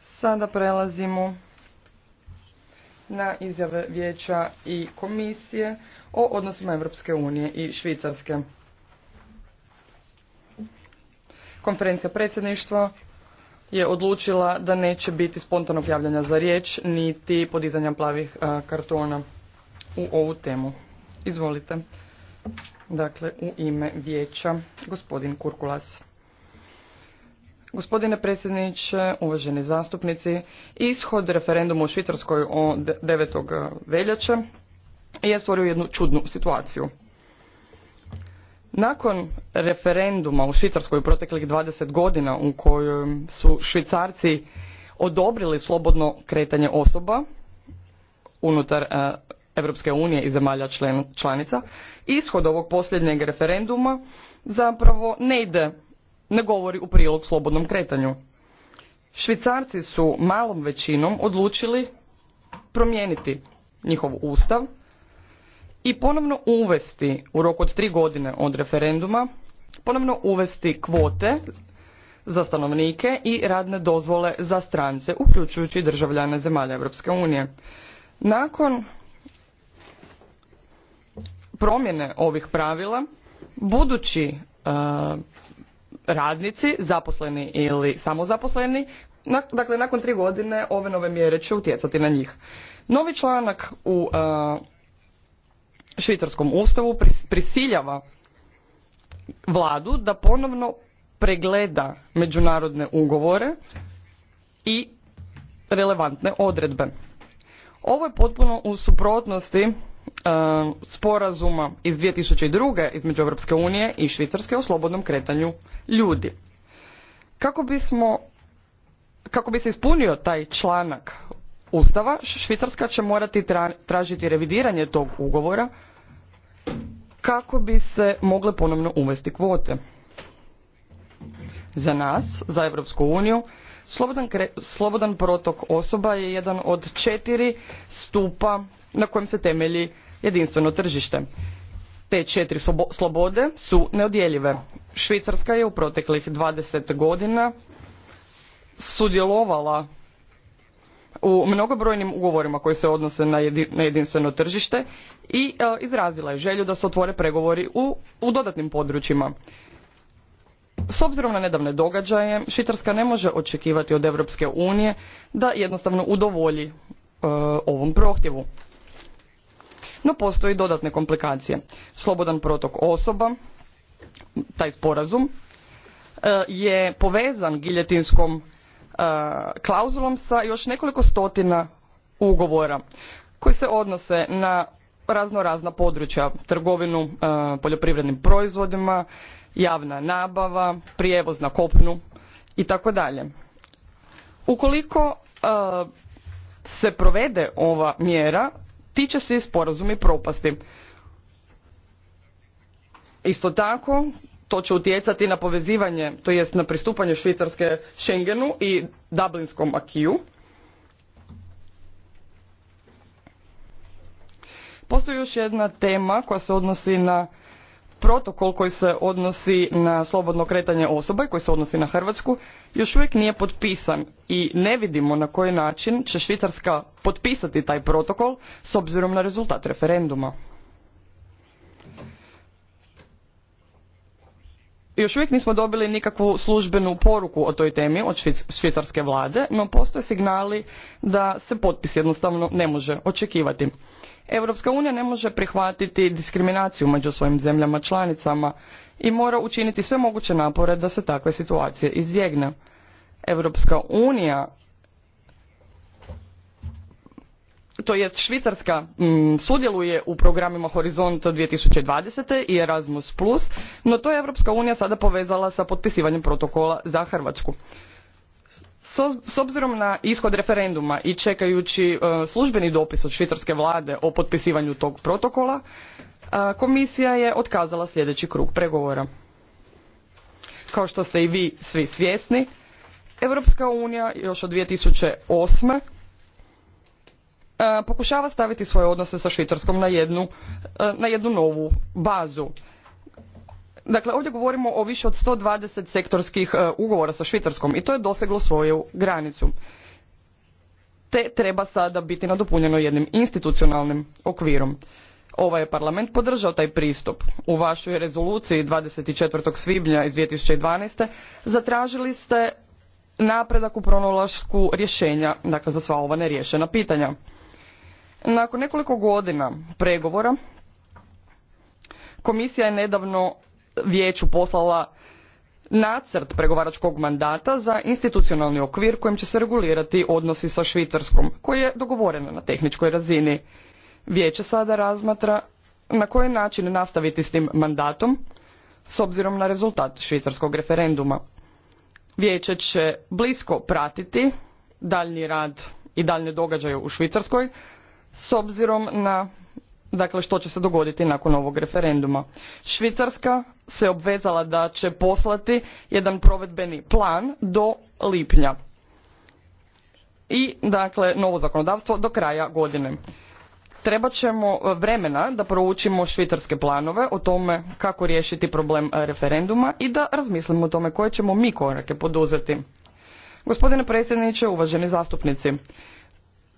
Sada prelazimo na izjave vijeća i komisije o odnosima Europske unije i Švicarske. Konferencija predsjedništva je odlučila da neće biti spontanog javljanja za riječ niti podizanja plavih kartona u ovu temu. Izvolite. Dakle, u ime vijeća gospodin Kurkulas. Gospodine predsjedniče, uvaženi zastupnici, ishod referenduma u Švicarskoj od 9. Eh, veljače je stvorio jednu čudnu situaciju. Nakon referenduma u Švicarskoj u proteklih 20 godina u kojoj su Švicarci odobrili slobodno kretanje osoba unutar Europske eh, unije i zemalja članica, ishod ovog posljednjeg referenduma zapravo ne ide ne govori u prilog slobodnom kretanju. Švicarci su malom većinom odlučili promijeniti njihov ustav i ponovno uvesti u roku od tri godine od referenduma ponovno uvesti kvote za stanovnike i radne dozvole za strance, uključujući državljane zemalja Europske unije. Nakon promjene ovih pravila, budući e, radnici, zaposleni ili samozaposleni, dakle nakon tri godine ove nove mjere će utjecati na njih. Novi članak u e, švicarskom ustavu prisiljava vladu da ponovno pregleda međunarodne ugovore i relevantne odredbe. Ovo je potpuno u suprotnosti Eh, sporazuma iz 2002. između Europske unije i Švicarske o slobodnom kretanju ljudi. Kako kako bi se ispunio taj članak Ustava, Švicarska će morati tražiti revidiranje tog ugovora kako bi se mogle ponovno uvesti kvote. Za nas, za Europsku uniju, slobodan, slobodan protok osoba je jedan od četiri stupa na kojem se temelji jedinstveno tržište. Te četiri slobode su neodjeljive. Švicarska je u proteklih 20 godina sudjelovala u mnogobrojnim ugovorima koji se odnose na, jedinstveno tržište i e, izrazila je želju da se otvore pregovori u, dodatnim područjima. S obzirom na nedavne događaje, Švicarska ne može očekivati od Europske unije da jednostavno udovolji e, ovom prohtjevu no postoje dodatne komplikacije. Slobodan protok osoba, taj sporazum, e, je povezan giljetinskom e, klauzulom sa još nekoliko stotina ugovora koji se odnose na razno razna područja trgovinu e, poljoprivrednim proizvodima javna nabava prijevoz na kopnu i tako dalje ukoliko se provede ova mjera ti će svi sporazumi propasti. Isto tako, to će utjecati na povezivanje, to jest na pristupanje Švicarske Schengenu i Dublinskom akiju. Postoji još jedna tema koja se odnosi na protokol koji se odnosi na slobodno kretanje osoba i koji se odnosi na Hrvatsku još uvijek nije potpisan i ne vidimo na koji način će Švicarska potpisati taj protokol s obzirom na rezultat referenduma. Još uvijek nismo dobili nikakvu službenu poruku o toj temi od švicarske vlade, no postoje signali da se potpis jednostavno ne može očekivati. Europska unija ne može prihvatiti diskriminaciju među svojim zemljama članicama i mora učiniti sve moguće napore da se takve situacije izbjegne. Europska unija to jest Švicarska mm, sudjeluje u programima Horizont 2020. i Erasmus+, no to je Europska unija sada povezala sa potpisivanjem protokola za Hrvatsku. S obzirom na ishod referenduma i čekajući e, službeni dopis od švicarske vlade o potpisivanju tog protokola, e, komisija je otkazala sljedeći krug pregovora. Kao što ste i vi svi svjesni, Europska unija još od 2008. E, pokušava staviti svoje odnose sa Švicarskom na jednu novu bazu Dakle, ovdje govorimo o više od 120 sektorskih e, ugovora sa Švicarskom i to je doseglo svoju granicu. Te treba sada biti nadopunjeno jednim institucionalnim okvirom. Ovaj je parlament podržao taj pristup. U vašoj rezoluciji 24. svibnja iz 2012. zatražili ste napredak u pronalasku rješenja dakle, za sva ova neriješena pitanja. Nakon nekoliko godina pregovora komisija je nedavno vijeću poslala nacrt pregovaračkog mandata za institucionalni okvir kojim će se regulirati odnosi sa Švicarskom, koji je dogovoren na tehničkoj razini. Vijeće sada razmatra na koji način nastaviti s tim mandatom s obzirom na rezultat švicarskog referenduma. Vijeće će blisko pratiti daljnji rad i daljnje događaje u Švicarskoj s obzirom na dakle što će se dogoditi nakon ovog referenduma. Švicarska se obvezala da će poslati jedan provedbeni plan do lipnja i dakle novo zakonodavstvo do kraja godine. Treba ćemo e, vremena da proučimo švicarske planove o tome kako riješiti problem e, referenduma i da razmislimo o tome koje ćemo mi korake poduzeti. Gospodine predsjedniče, uvaženi zastupnici,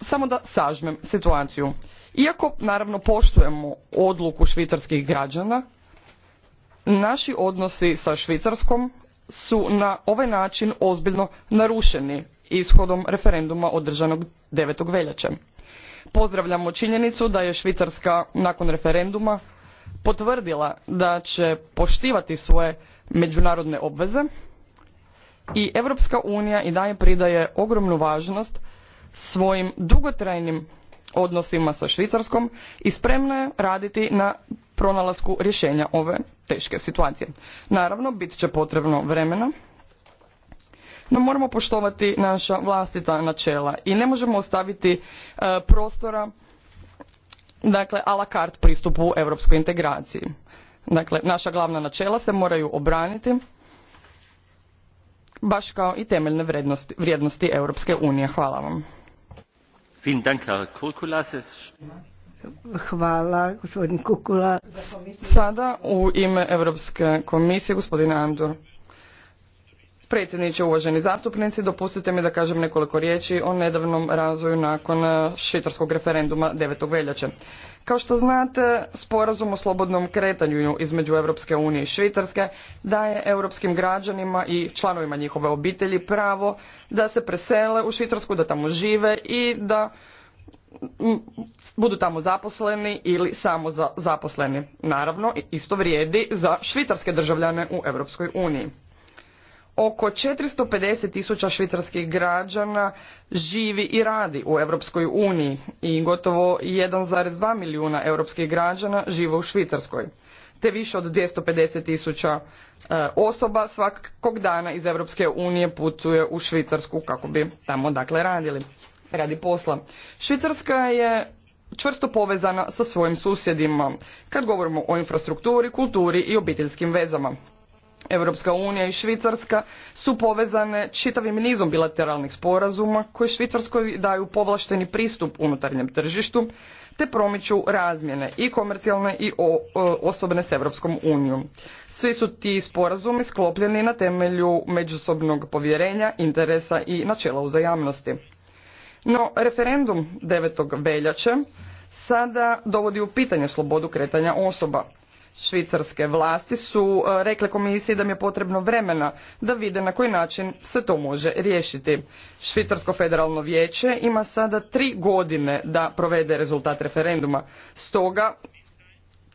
samo da sažmem situaciju iako naravno poštujemo odluku švicarskih građana naši odnosi sa švicarskom su na ovaj način ozbiljno narušeni ishodom referenduma održanog 9. veljače pozdravljamo činjenicu da je švicarska nakon referenduma potvrdila da će poštivati svoje međunarodne obveze i europska unija i dalje pridaje ogromnu važnost svojim dugotrajnim odnosima sa Švicarskom i spremna je raditi na pronalasku rješenja ove teške situacije. Naravno, bit će potrebno vremena, no moramo poštovati naša vlastita načela i ne možemo ostaviti e, prostora dakle a la carte pristupu europskoj integraciji. Dakle, naša glavna načela se moraju obraniti baš kao i temeljne vrijednosti Europske unije. Hvala vam. Hvala, gospodin Kukula. Sada u ime Europske komisije, gospodin Andor. Predsjedniče, uvaženi zastupnici, dopustite mi da kažem nekoliko riječi o nedavnom razvoju nakon e, švicarskog referenduma 9. veljače. Kao što znate, sporazum o slobodnom kretanju između Europske unije i Švicarske daje europskim građanima i članovima njihove obitelji pravo da se presele u Švicarsku, da tamo žive i da budu tamo zaposleni ili samo zaposleni. Naravno, isto vrijedi za švicarske državljane u Europskoj uniji oko 450 tisuća švicarskih građana živi i radi u Europskoj uniji i gotovo 1,2 milijuna europskih građana žive u Švicarskoj te više od 250 tisuća e, osoba svakog dana iz Europske unije putuje u Švicarsku kako bi tamo dakle radili, radi posla. Švicarska je čvrsto povezana sa svojim susjedima kad govorimo o infrastrukturi, kulturi i obiteljskim vezama. Europska unija i Švicarska su povezane čitavim nizom bilateralnih sporazuma koji Švicarskoj daju povlašteni pristup unutarnjem tržištu te promiču razmjene i komercijalne i osobne s Europskom unijom. Svi su ti sporazumi sklopljeni na temelju međusobnog povjerenja, interesa i načela uzajamnosti. No, referendum 9. veljače sada dovodi u pitanje slobodu kretanja osoba švicarske vlasti su e, rekle komisiji da mi je potrebno vremena da vide na koji način se to može riješiti. Švicarsko federalno vijeće ima sada tri godine da provede rezultat referenduma. Stoga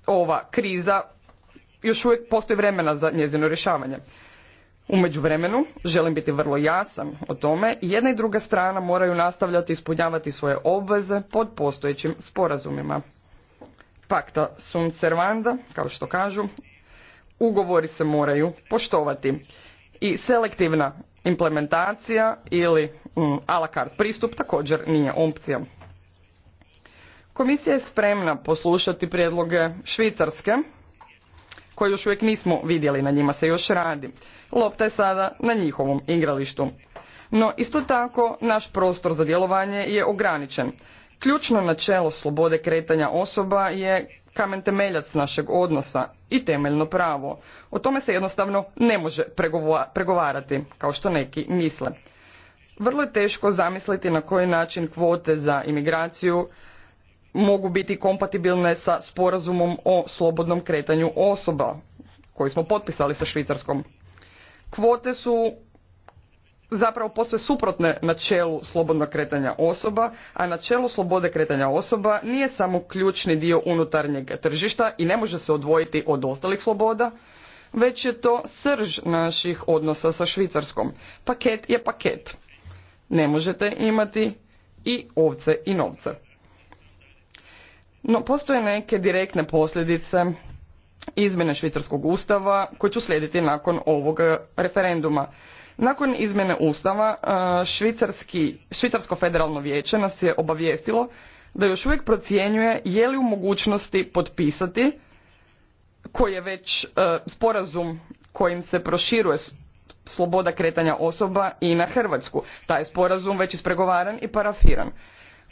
ova kriza još uvijek postoji vremena za njezino rješavanje. U međuvremenu, želim biti vrlo jasan o tome, jedna i druga strana moraju nastavljati ispunjavati svoje obveze pod postojećim sporazumima pakta sunt servanda, kao što kažu, ugovori se moraju poštovati. I selektivna implementacija ili mm, a la carte pristup također nije opcija. Komisija je spremna poslušati prijedloge Švicarske, koje još uvijek nismo vidjeli, na njima se još radi. Lopta je sada na njihovom igralištu. No isto tako naš prostor za djelovanje je ograničen. Ključno načelo slobode kretanja osoba je kamen temeljac našeg odnosa i temeljno pravo. O tome se jednostavno ne može pregovarati, kao što neki misle. Vrlo je teško zamisliti na koji način kvote za imigraciju mogu biti kompatibilne sa sporazumom o slobodnom kretanju osoba koji smo potpisali sa Švicarskom. Kvote su zapravo posve suprotne načelu slobodnog kretanja osoba, a načelo slobode kretanja osoba nije samo ključni dio unutarnjeg tržišta i ne može se odvojiti od ostalih sloboda, već je to srž naših odnosa sa Švicarskom. Paket je paket. Ne možete imati i ovce i novce. No, postoje neke direktne posljedice izmjene švicarskog ustava koje ću slijediti nakon ovog referenduma. Nakon izmjene Ustava, e, Švicarsko federalno vijeće nas je obavijestilo da još uvijek procjenjuje je li u mogućnosti potpisati koji je već e, sporazum kojim se proširuje sloboda kretanja osoba i na Hrvatsku. Taj sporazum već ispregovaran i parafiran.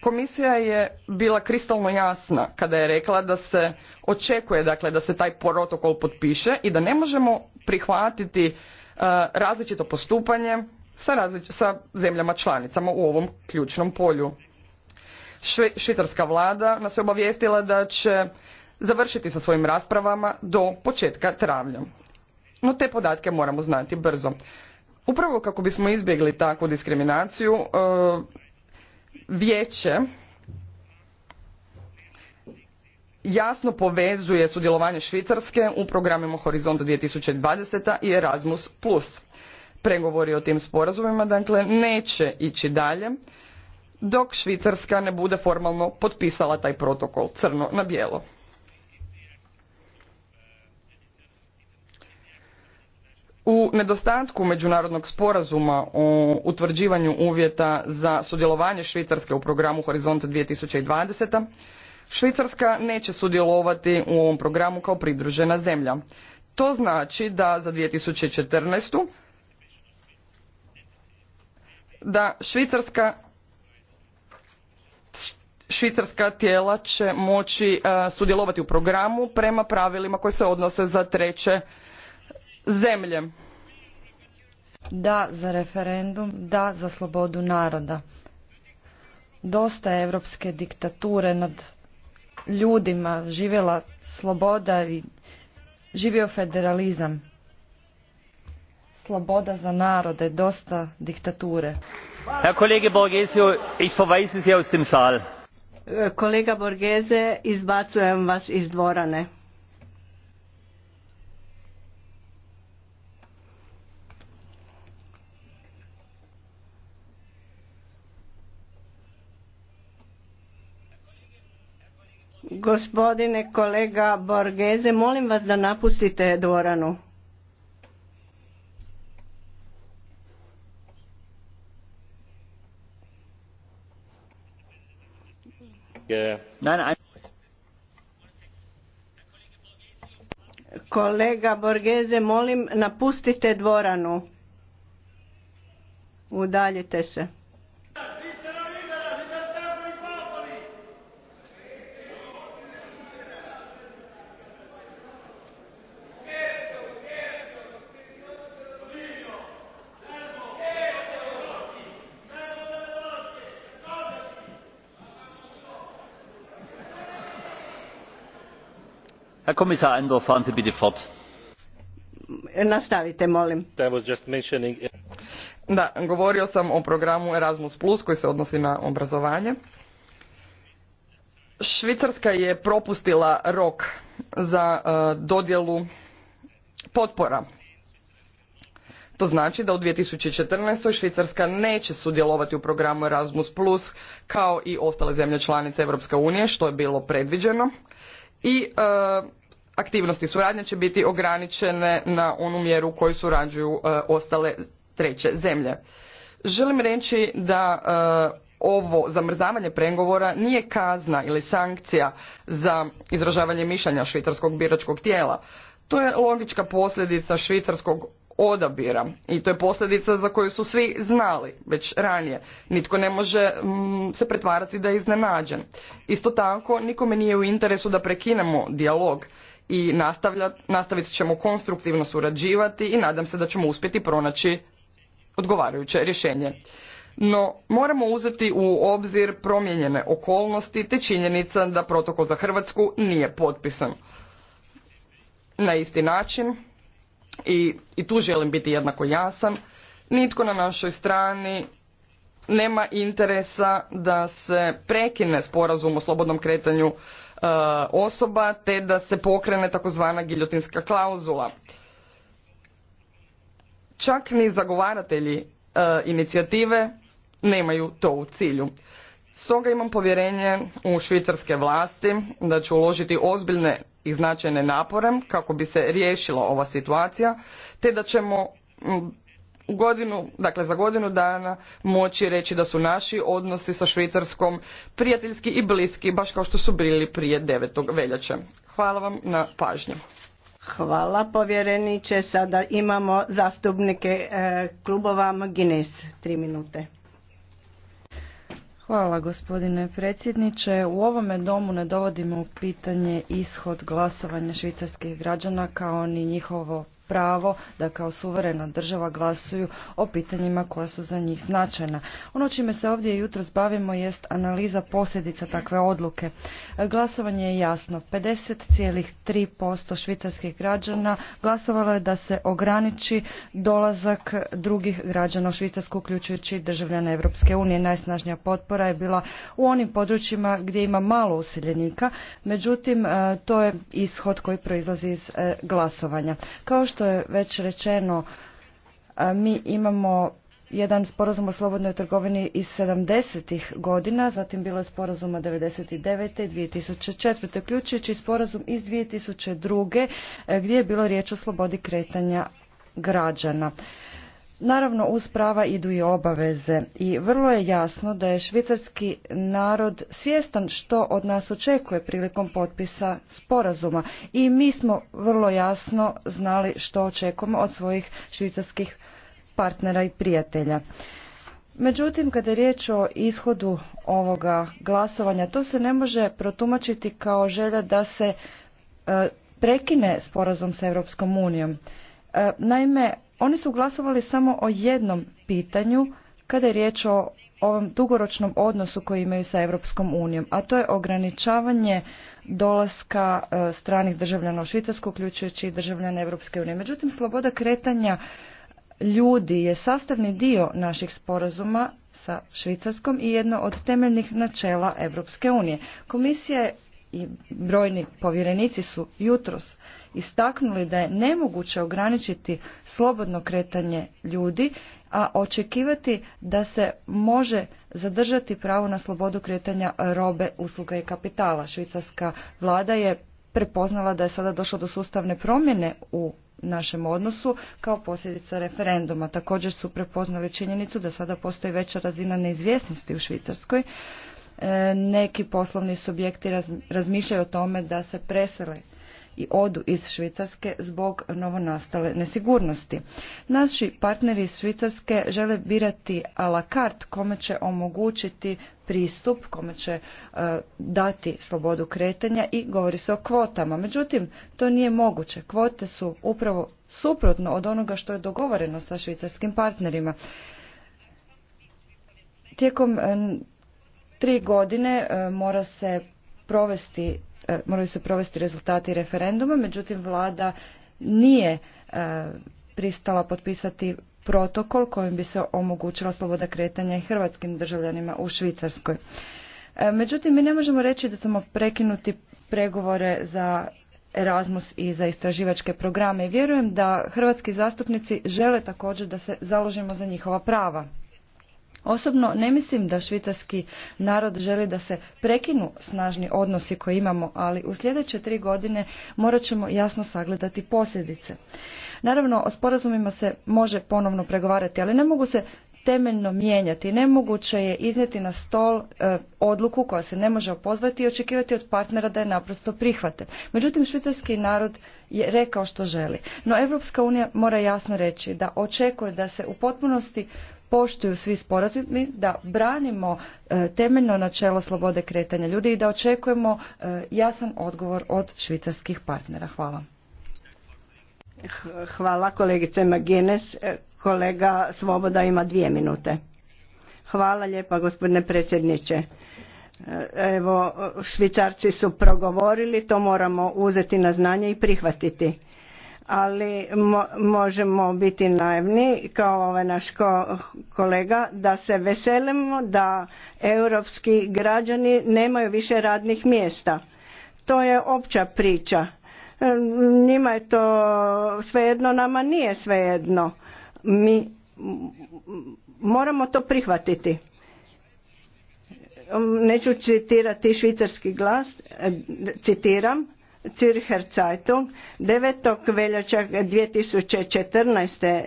Komisija je bila kristalno jasna kada je rekla da se očekuje dakle da se taj protokol potpiše i da ne možemo prihvatiti E, različito postupanje sa, različ sa zemljama članicama u ovom ključnom polju. Šve švicarska vlada nas je obavijestila da će završiti sa svojim raspravama do početka travnja. No te podatke moramo znati brzo. Upravo kako bismo izbjegli takvu diskriminaciju, e, vijeće jasno povezuje sudjelovanje Švicarske u programima Horizont 2020. i Erasmus+. Pregovori o tim sporazumima dakle, neće ići dalje dok Švicarska ne bude formalno potpisala taj protokol crno na bijelo. U nedostatku međunarodnog sporazuma o utvrđivanju uvjeta za sudjelovanje Švicarske u programu Horizont 2020 Švicarska neće sudjelovati u ovom programu kao pridružena zemlja. To znači da za 2014. da Švicarska švicarska tijela će moći e, sudjelovati u programu prema pravilima koje se odnose za treće zemlje. Da za referendum, da za slobodu naroda. Dosta je evropske diktature nad ljudima, živjela sloboda i živio federalizam. Sloboda za narode, dosta diktature. Herr Kollege ich verweise Sie aus dem Saal. Kolega Borgese, izbacujem vas iz dvorane. Gospodine kolega Borgeze, molim vas da napustite dvoranu. Kolega Borgeze, molim napustite dvoranu. Udaljite se. da govorio sam o programu erasmus koji se odnosi na obrazovanje. švicarska je propustila rok za e, dodjelu potpora to znači da u 2014. Švicarska neće sudjelovati u programu Erasmus kao i ostale zemlje članice Europske unije, što je bilo predviđeno. I e, aktivnosti suradnje će biti ograničene na onu mjeru u kojoj surađuju e, ostale treće zemlje. Želim reći da e, ovo zamrzavanje pregovora nije kazna ili sankcija za izražavanje mišljenja švicarskog biračkog tijela. To je logička posljedica švicarskog odabira i to je posljedica za koju su svi znali već ranije. Nitko ne može mm, se pretvarati da je iznenađen. Isto tako nikome nije u interesu da prekinemo dijalog i nastavit ćemo konstruktivno surađivati i nadam se da ćemo uspjeti pronaći odgovarajuće rješenje. No, moramo uzeti u obzir promijenjene okolnosti te činjenica da protokol za Hrvatsku nije potpisan. Na isti način, i, i tu želim biti jednako jasan, nitko na našoj strani nema interesa da se prekine sporazum o slobodnom kretanju Eh, osoba te da se pokrene takozvana giljotinska klauzula. Čak ni zagovaratelji eh, inicijative nemaju to u cilju. Stoga imam povjerenje u švicarske vlasti da će uložiti ozbiljne i značajne napore kako bi se riješila ova situacija te da ćemo godinu, dakle za godinu dana moći reći da su naši odnosi sa Švicarskom prijateljski i bliski, baš kao što su bili prije 9. veljače. Hvala vam na pažnju. Hvala povjereniče. Sada imamo zastupnike e, klubova Magines. Tri minute. Hvala gospodine predsjedniče. U ovome domu ne dovodimo u pitanje ishod glasovanja švicarskih građana kao ni njihovo pravo da kao suverena država glasuju o pitanjima koja su za njih značajna. Ono čime se ovdje jutro zbavimo jest analiza posljedica takve odluke. Glasovanje je jasno. 50,3% švicarskih građana glasovalo je da se ograniči dolazak drugih građana u Švicarsku, uključujući državljane Europske unije. Najsnažnija potpora je bila u onim područjima gdje ima malo usiljenika, međutim e, to je ishod koji proizlazi iz e, glasovanja. Kao što što je već rečeno, mi imamo jedan sporazum o slobodnoj trgovini iz 70-ih godina, zatim bilo je sporazuma 99. i 2004. uključujući sporazum iz 2002. E, gdje je bilo riječ o slobodi kretanja građana. Naravno, uz prava idu i obaveze i vrlo je jasno da je švicarski narod svjestan što od nas očekuje prilikom potpisa sporazuma i mi smo vrlo jasno znali što očekujemo od svojih švicarskih partnera i prijatelja. Međutim, kada je riječ o ishodu ovoga glasovanja, to se ne može protumačiti kao želja da se e, prekine sporazum s Europskom unijom. E, naime, oni su glasovali samo o jednom pitanju kada je riječ o ovom dugoročnom odnosu koji imaju sa Europskom unijom, a to je ograničavanje dolaska e, stranih državljana u Švicarsku, uključujući i državljana Europske unije. Međutim, sloboda kretanja ljudi je sastavni dio naših sporazuma sa Švicarskom i jedno od temeljnih načela Europske unije. Komisija i brojni povjerenici su jutros istaknuli da je nemoguće ograničiti slobodno kretanje ljudi, a očekivati da se može zadržati pravo na slobodu kretanja robe, usluga i kapitala. Švicarska vlada je prepoznala da je sada došlo do sustavne promjene u našem odnosu kao posljedica referenduma. Također su prepoznali činjenicu da sada postoji veća razina neizvjesnosti u Švicarskoj. E, neki poslovni subjekti razmišljaju o tome da se presele i odu iz Švicarske zbog novonastale nesigurnosti. Naši partneri iz Švicarske žele birati a la carte kome će omogućiti pristup, kome će e, dati slobodu kretanja i govori se o kvotama. Međutim, to nije moguće. Kvote su upravo suprotno od onoga što je dogovoreno sa švicarskim partnerima. Tijekom tri godine e, mora se provesti E, moraju se provesti rezultati referenduma, međutim vlada nije e, pristala potpisati protokol kojim bi se omogućila sloboda kretanja i hrvatskim državljanima u Švicarskoj. E, međutim, mi ne možemo reći da smo prekinuti pregovore za Erasmus i za istraživačke programe i vjerujem da hrvatski zastupnici žele također da se založimo za njihova prava. Osobno ne mislim da švicarski narod želi da se prekinu snažni odnosi koje imamo, ali u sljedeće tri godine morat ćemo jasno sagledati posljedice. Naravno, o sporazumima se može ponovno pregovarati, ali ne mogu se temeljno mijenjati. Nemoguće je iznijeti na stol e, odluku koja se ne može opozvati i očekivati od partnera da je naprosto prihvate. Međutim, švicarski narod je rekao što želi. No, Evropska unija mora jasno reći da očekuje da se u potpunosti poštuju svi sporazumi, da branimo e, temeljno načelo slobode kretanja ljudi i da očekujemo e, jasan odgovor od švicarskih partnera. Hvala. Hvala kolegice Magines. E, kolega Svoboda ima dvije minute. Hvala lijepa gospodine predsjedniče. Evo, švicarci su progovorili, to moramo uzeti na znanje i prihvatiti ali možemo biti naivni kao ovaj naš kolega da se veselimo da europski građani nemaju više radnih mjesta. To je opća priča. Njima je to svejedno, nama nije svejedno. Mi moramo to prihvatiti neću citirati švicarski glas, citiram, Zürcher Zeitung 9. veljača 2014.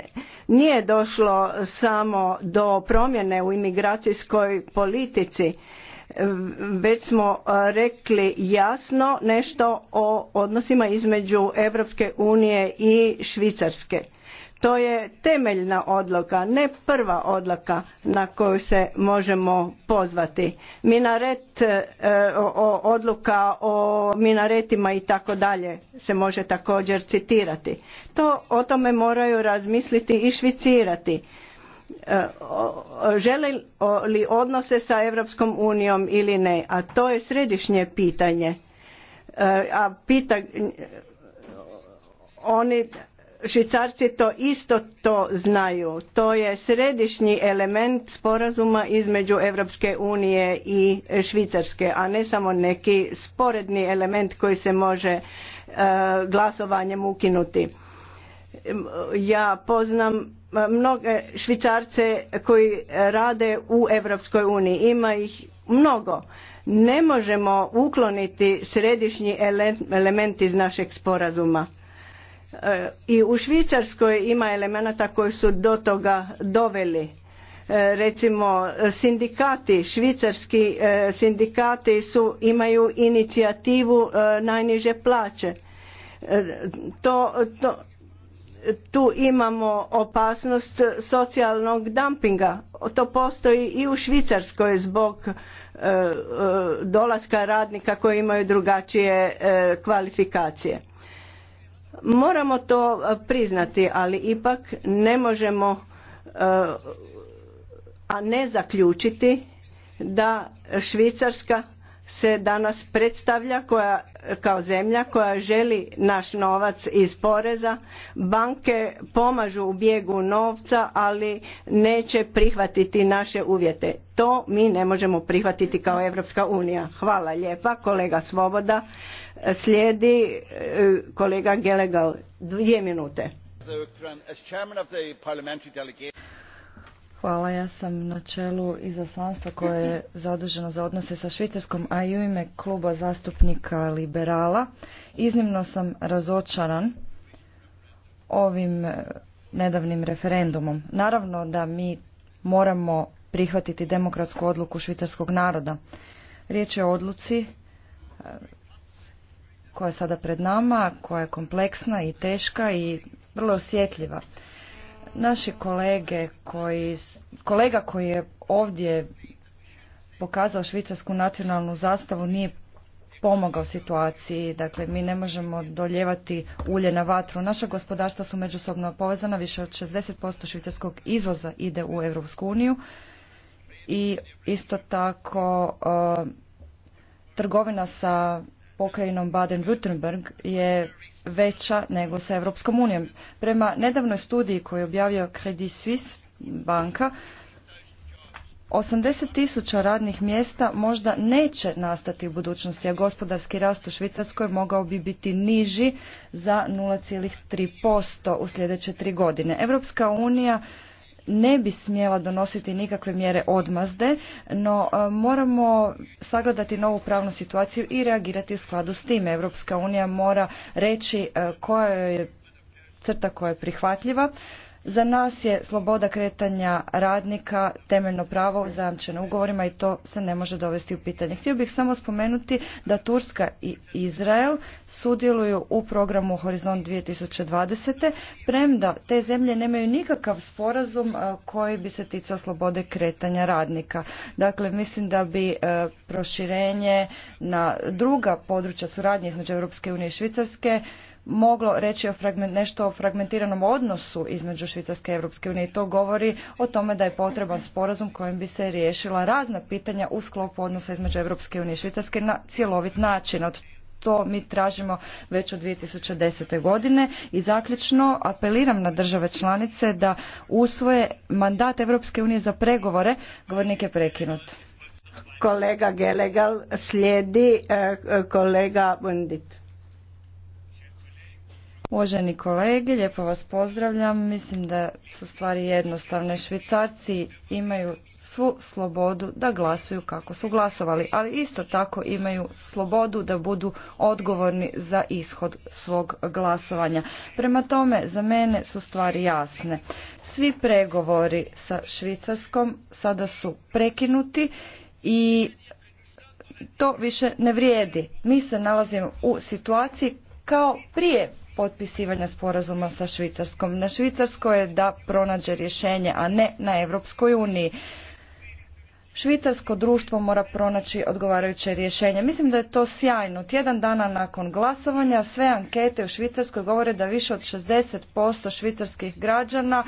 nije došlo samo do promjene u imigracijskoj politici, već smo rekli jasno nešto o odnosima između Europske unije i Švicarske to je temeljna odluka, ne prva odluka na koju se možemo pozvati. Minaret, e, odluka o minaretima i tako dalje se može također citirati. To o tome moraju razmisliti i švicirati. E, žele li odnose sa Europskom unijom ili ne, a to je središnje pitanje. E, a pita, oni Švicarci to isto to znaju. To je središnji element sporazuma između Europske unije i Švicarske, a ne samo neki sporedni element koji se može e, glasovanjem ukinuti. Ja poznam e, mnoge švicarce koji rade u Europskoj uniji. Ima ih mnogo. Ne možemo ukloniti središnji element iz našeg sporazuma i u Švicarskoj ima elemenata koji su do toga doveli. E, recimo sindikati, švicarski e, sindikati su, imaju inicijativu e, najniže plaće. To, to, tu imamo opasnost socijalnog dumpinga. To postoji i u Švicarskoj zbog dolaska radnika koji imaju drugačije kvalifikacije Moramo to e, priznati, ali ipak ne možemo e, a ne zaključiti da Švicarska se danas predstavlja koja, kao zemlja koja želi naš novac iz poreza. Banke pomažu u bijegu novca, ali neće prihvatiti naše uvjete. To mi ne možemo prihvatiti kao Europska unija. Hvala lijepa, kolega Svoboda. Slijedi e, kolega Gelegal. Dvije minute. Hvala, ja sam na čelu izaslanstva koje je zaduženo za odnose sa Švicarskom, a i u ime kluba zastupnika liberala. Iznimno sam razočaran ovim eh, nedavnim referendumom. Naravno da mi moramo prihvatiti demokratsku odluku švicarskog naroda. Riječ je o odluci eh, koja je sada pred nama, koja je kompleksna i teška i vrlo osjetljiva naši kolege koji, kolega koji je ovdje pokazao švicarsku nacionalnu zastavu nije pomogao situaciji. Dakle, mi ne možemo doljevati ulje na vatru. Naša gospodarstva su međusobno povezana. Više od 60% švicarskog izvoza ide u Europsku uniju. I isto tako e, trgovina sa pokrajinom Baden-Württemberg je veća nego sa Europskom unijom. Prema nedavnoj studiji koju je objavio Credit Suisse banka, 80 tisuća radnih mjesta možda neće nastati u budućnosti, a gospodarski rast u Švicarskoj mogao bi biti niži za 0,3% u sljedeće tri godine. Europska unija ne bi smjela donositi nikakve mjere odmazde, no e, moramo sagledati novu pravnu situaciju i reagirati u skladu s time. Europska unija mora reći e, koja je crta koja je prihvatljiva, za nas je sloboda kretanja radnika temeljno pravo zajamčeno ugovorima i to se ne može dovesti u pitanje. Htio bih samo spomenuti da Turska i Izrael sudjeluju u programu Horizont 2020. premda te zemlje nemaju nikakav sporazum e, koji bi se ticao slobode kretanja radnika. Dakle, mislim da bi e, proširenje na druga područja suradnje između Europske unije i Švicarske moglo reći o fragment, nešto o fragmentiranom odnosu između Švicarske i Europske unije i to govori o tome da je potreban sporazum kojim bi se riješila razna pitanja u sklopu odnosa između Europske unije i Švicarske na cjelovit način. Od to mi tražimo već od 2010. godine i zaključno apeliram na države članice da usvoje mandat Europske unije za pregovore. Govornik je prekinut. Kolega Gelegal slijedi eh, kolega Bundit. Uvaženi kolege, lijepo vas pozdravljam. Mislim da su stvari jednostavne. Švicarci imaju svu slobodu da glasuju kako su glasovali, ali isto tako imaju slobodu da budu odgovorni za ishod svog glasovanja. Prema tome, za mene su stvari jasne. Svi pregovori sa Švicarskom sada su prekinuti i to više ne vrijedi. Mi se nalazimo u situaciji kao prije potpisivanja sporazuma sa Švicarskom. Na Švicarskoj je da pronađe rješenje, a ne na Europskoj uniji. Švicarsko društvo mora pronaći odgovarajuće rješenje. Mislim da je to sjajno. Tjedan dana nakon glasovanja sve ankete u Švicarskoj govore da više od 60% švicarskih građana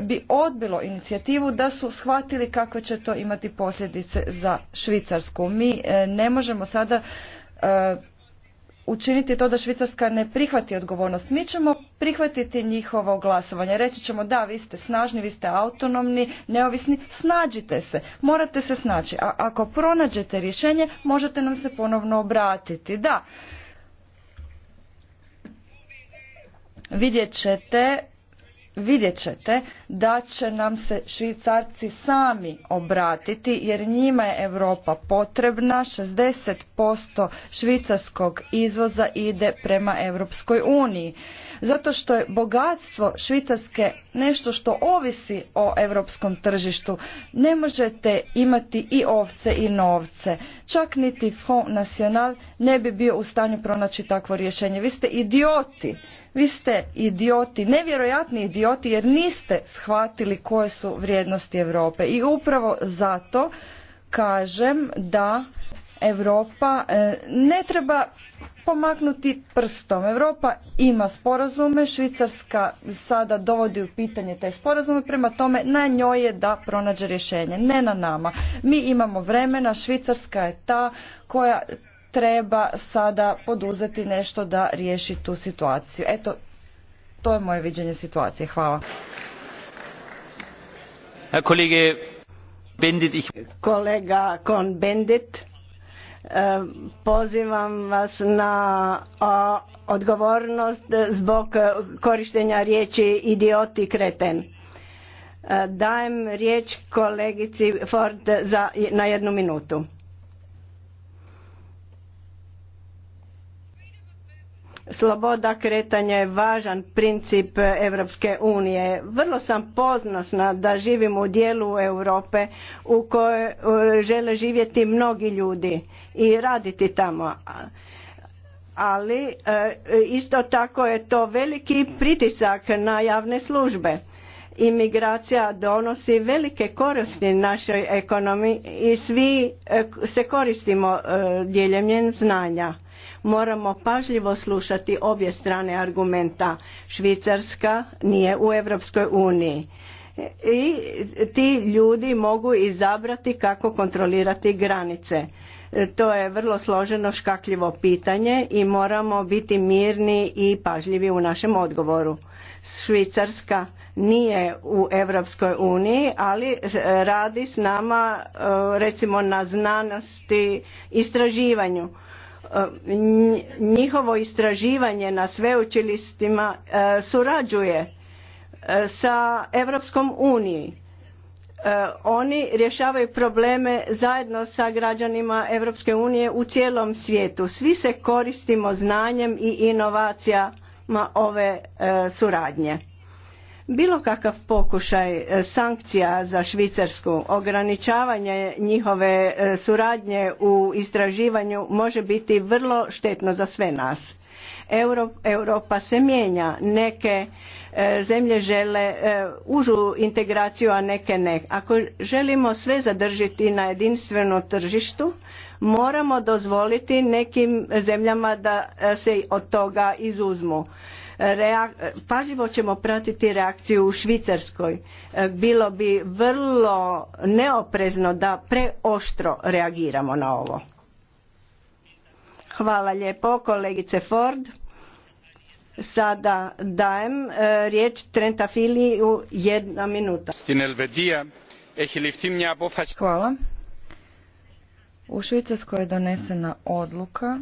bi odbilo inicijativu da su shvatili kako će to imati posljedice za Švicarsku. Mi e, ne možemo sada e, učiniti to da Švicarska ne prihvati odgovornost. Mi ćemo prihvatiti njihovo glasovanje. Reći ćemo da, vi ste snažni, vi ste autonomni, neovisni, snađite se, morate se snaći. A ako pronađete rješenje, možete nam se ponovno obratiti. Da, vidjet ćete vidjet ćete da će nam se švicarci sami obratiti jer njima je Europa potrebna. 60% švicarskog izvoza ide prema Europskoj uniji. Zato što je bogatstvo Švicarske nešto što ovisi o europskom tržištu. Ne možete imati i ovce i novce. Čak niti Front National ne bi bio u stanju pronaći takvo rješenje. Vi ste idioti vi ste idioti, nevjerojatni idioti jer niste shvatili koje su vrijednosti Europe i upravo zato kažem da Europa e, ne treba pomaknuti prstom. Europa ima sporazume, Švicarska sada dovodi u pitanje te sporazume, prema tome na njoj je da pronađe rješenje, ne na nama. Mi imamo vremena, Švicarska je ta koja treba sada poduzeti nešto da riješi tu situaciju. Eto, to je moje viđenje situacije. Hvala. Kolege Kolega Kon Bendit, e, pozivam vas na odgovornost zbog korištenja riječi idioti kreten. E, dajem riječ kolegici Ford na jednu minutu. Sloboda kretanja je važan princip Europske unije. Vrlo sam poznasna da živim u dijelu Europe u kojoj žele živjeti mnogi ljudi i raditi tamo. Ali e, isto tako je to veliki pritisak na javne službe. Imigracija donosi velike koristi našoj ekonomiji i svi e, se koristimo e, dijeljenjem znanja moramo pažljivo slušati obje strane argumenta. Švicarska nije u Europskoj uniji i ti ljudi mogu izabrati kako kontrolirati granice. E, to je vrlo složeno škakljivo pitanje i moramo biti mirni i pažljivi u našem odgovoru. Švicarska nije u Europskoj uniji, ali e, radi s nama e, recimo na znanosti istraživanju Eh, njihovo istraživanje na sveučilištima eh, surađuje eh, sa Europskom uniji. Oni rješavaju probleme zajedno sa građanima Europske unije u cijelom svijetu. Svi se koristimo znanjem i inovacijama ove suradnje. Bilo kakav pokušaj e, sankcija za Švicarsku, ograničavanje njihove e, suradnje u istraživanju može biti vrlo štetno za sve nas. Europa se mijenja, neke e, zemlje žele užu integraciju, a neke ne. Ako želimo sve zadržiti na jedinstvenom tržištu, moramo dozvoliti nekim zemljama da se od toga izuzmu Reak pažljivo ćemo pratiti reakciju u Švicarskoj. E, bilo bi vrlo neoprezno da preoštro reagiramo na ovo. Hvala lijepo kolegice Ford. Sada dajem e, riječ Trenta u jedna minuta. Hvala. U Švicarskoj je donesena odluka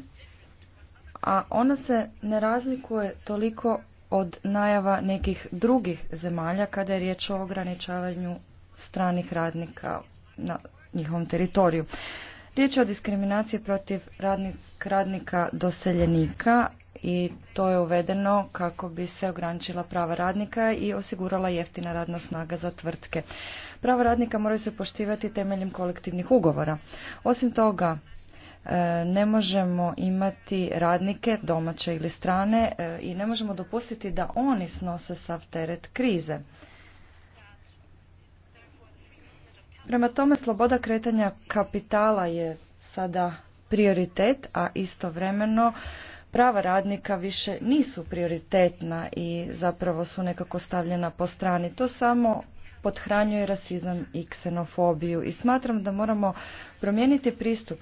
a ona se ne razlikuje toliko od najava nekih drugih zemalja kada je riječ o ograničavanju stranih radnika na njihovom teritoriju. Riječ je o diskriminaciji protiv radnika doseljenika i to je uvedeno kako bi se ograničila prava radnika i osigurala jeftina radna snaga za tvrtke. Prava radnika moraju se poštivati temeljem kolektivnih ugovora. Osim toga, E, ne možemo imati radnike domaće ili strane e, i ne možemo dopustiti da oni snose sav teret krize. Prema tome sloboda kretanja kapitala je sada prioritet, a istovremeno prava radnika više nisu prioritetna i zapravo su nekako stavljena po strani. To samo podhranjuje rasizam i ksenofobiju i smatram da moramo promijeniti pristup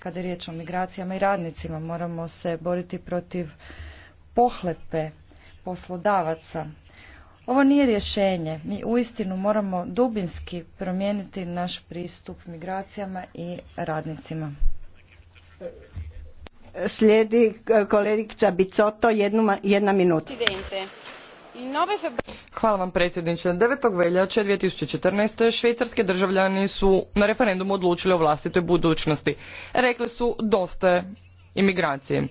kada je riječ o migracijama i radnicima. Moramo se boriti protiv pohlepe poslodavaca. Ovo nije rješenje. Mi uistinu moramo dubinski promijeniti naš pristup migracijama i radnicima. Slijedi e, kolegica Bicoto, jedna minuta. Hvala vam predsjedniče. 9. veljače 2014. švicarski državljani su na referendumu odlučili o vlastitoj budućnosti. Rekli su dosta imigracije.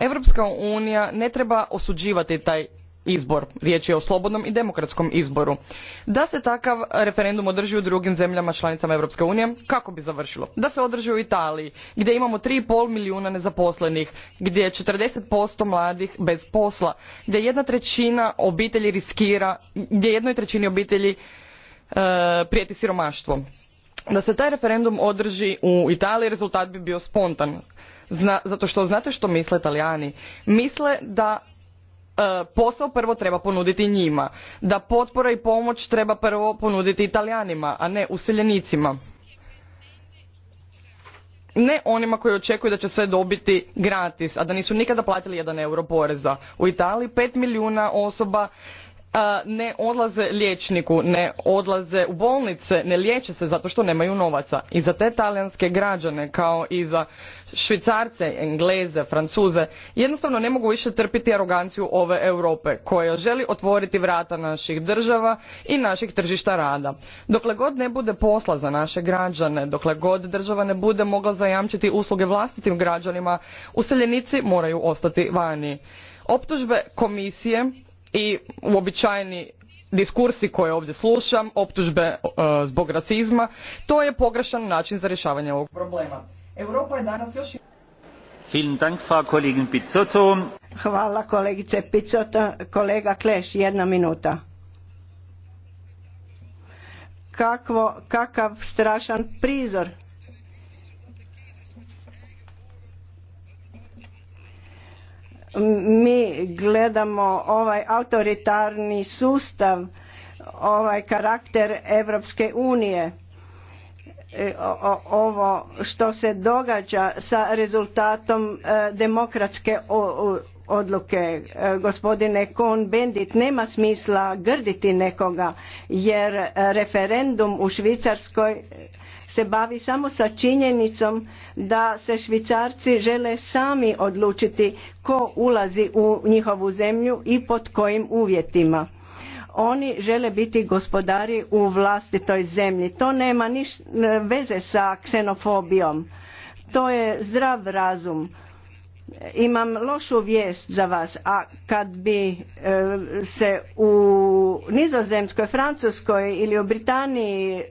Europska unija ne treba osuđivati taj izbor riječ je o slobodnom i demokratskom izboru da se takav referendum održi u drugim zemljama članicama europske unije kako bi završilo da se održi u italiji gdje imamo tripet milijuna nezaposlenih gdje je posto mladih bez posla gdje jedna trećina obitelji riskira gdje jednoj trećini obitelji e, prijeti siromaštvo da se taj referendum održi u italiji rezultat bi bio spontan zato što znate što misle talijani misle da E, posao prvo treba ponuditi njima da potpora i pomoć treba prvo ponuditi talijanima a ne useljenicima ne onima koji očekuju da će sve dobiti gratis a da nisu nikada platili jedan euro poreza u italiji pet milijuna osoba ne odlaze liječniku, ne odlaze u bolnice, ne liječe se zato što nemaju novaca. I za te talijanske građane, kao i za švicarce, engleze, francuze, jednostavno ne mogu više trpiti aroganciju ove Europe, koja želi otvoriti vrata naših država i naših tržišta rada. Dokle god ne bude posla za naše građane, dokle god država ne bude mogla zajamčiti usluge vlastitim građanima, useljenici moraju ostati vani. Optužbe komisije i uobičajeni diskursi koje ovdje slušam optužbe e, zbog rasizma to je pogrešan način za rješavanje ovog problema europa je danas još Hvala kolegice Pizzotto. Kolega Kleš, jedna minuta. Kakvo, kakav strašan prizor mi gledamo ovaj autoritarni sustav, ovaj karakter Europske unije, e, ovo što se događa sa rezultatom e, demokratske odluke e, gospodine Kohn Bendit nema smisla grditi nekoga jer referendum u Švicarskoj se bavi samo sa činjenicom da se švicarci žele sami odlučiti ko ulazi u njihovu zemlju i pod kojim uvjetima oni žele biti gospodari u vlastitoj zemlji to nema niš veze sa ksenofobijom to je zdrav razum imam lošu vijest za vas a kad bi e, se u nizozemskoj francuskoj ili u britaniji e,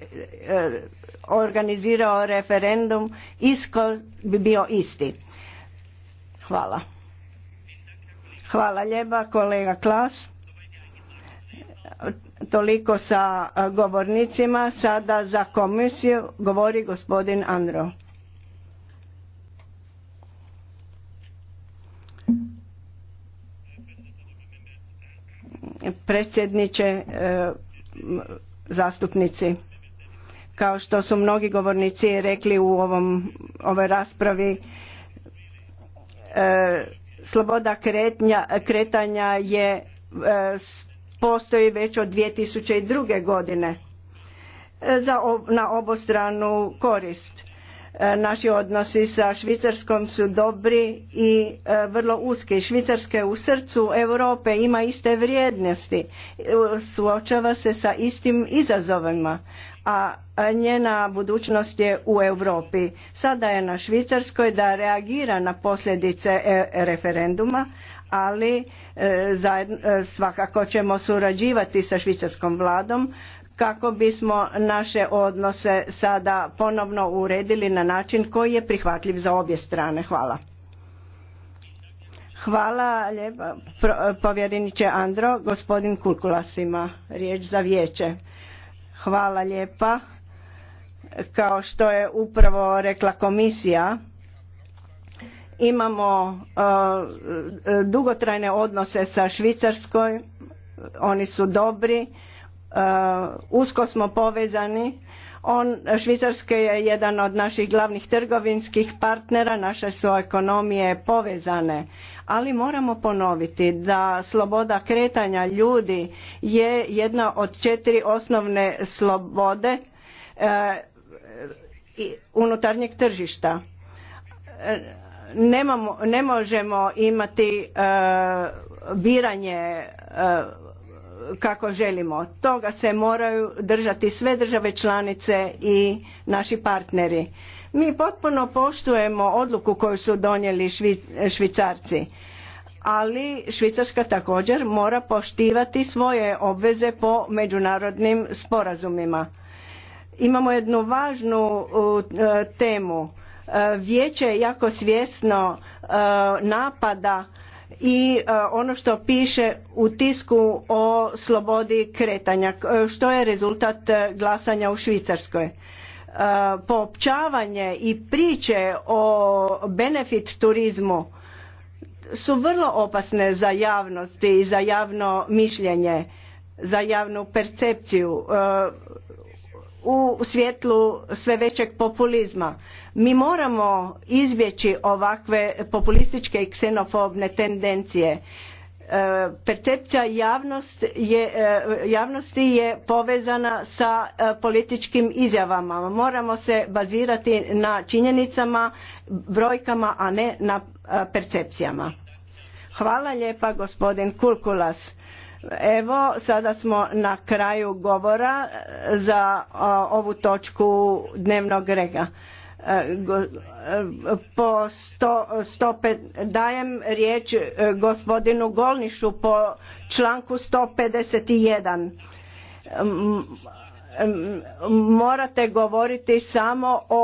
organizirao referendum, iskol bi bio isti. Hvala. Hvala lijepa kolega Klas. Toliko sa e, govornicima. Sada za komisiju govori gospodin Andro. Predsjedniče, e, zastupnici. Kao što su mnogi govornici rekli u ovom, ovoj raspravi, e, sloboda kretanja je e, postoji već od 2002. godine e, na obostranu korist. naši odnosi sa Švicarskom su dobri i vrlo uski. Švicarska u srcu Europe, ima iste vrijednosti, suočava se sa istim izazovima a njena budućnost je u Europi. Sada je na Švicarskoj da reagira na posljedice e, referenduma, ali e, e, svakako ćemo surađivati sa švicarskom vladom kako bismo naše odnose sada ponovno uredili na način koji je prihvatljiv za obje strane. Hvala. Hvala lijepa povjereniče Andro. Gospodin Kurkulas ima riječ za vijeće. Hvala lijepa. Kao što je upravo rekla komisija, imamo uh, dugotrajne odnose sa Švicarskoj, oni su dobri, uh, usko smo povezani. On, Švicarska je jedan od naših glavnih trgovinskih partnera, naše su ekonomije povezane ali moramo ponoviti da sloboda kretanja ljudi je jedna od četiri osnovne slobode e, unutarnjeg tržišta. E, ne možemo imati e, biranje kako želimo. Toga se moraju držati sve države članice i naši partneri mi potpuno poštujemo odluku koju su donijeli švicarci, ali Švicarska također mora poštivati svoje obveze po međunarodnim sporazumima. Imamo jednu važnu e, temu. E, vijeće je jako svjesno e, napada i ono što piše u tisku o slobodi kretanja što je rezultat glasanja u švicarskoj poopćavanje i priče o benefit turizmu su vrlo opasne za javnost i za javno mišljenje, za javnu percepciju e, u svjetlu sve većeg populizma. Mi moramo izbjeći ovakve populističke i ksenofobne tendencije E, percepcija je, e, javnosti je povezana sa e, političkim izjavama. Moramo se bazirati na činjenicama, brojkama, a ne na percepcijama. Hvala lijepa gospodin Kulkulas. Evo, sada smo na kraju govora za ovu točku dnevnog rega. E, e, po sto, stope, dajem riječ e, gospodinu Golnišu po članku 151 morate govoriti samo o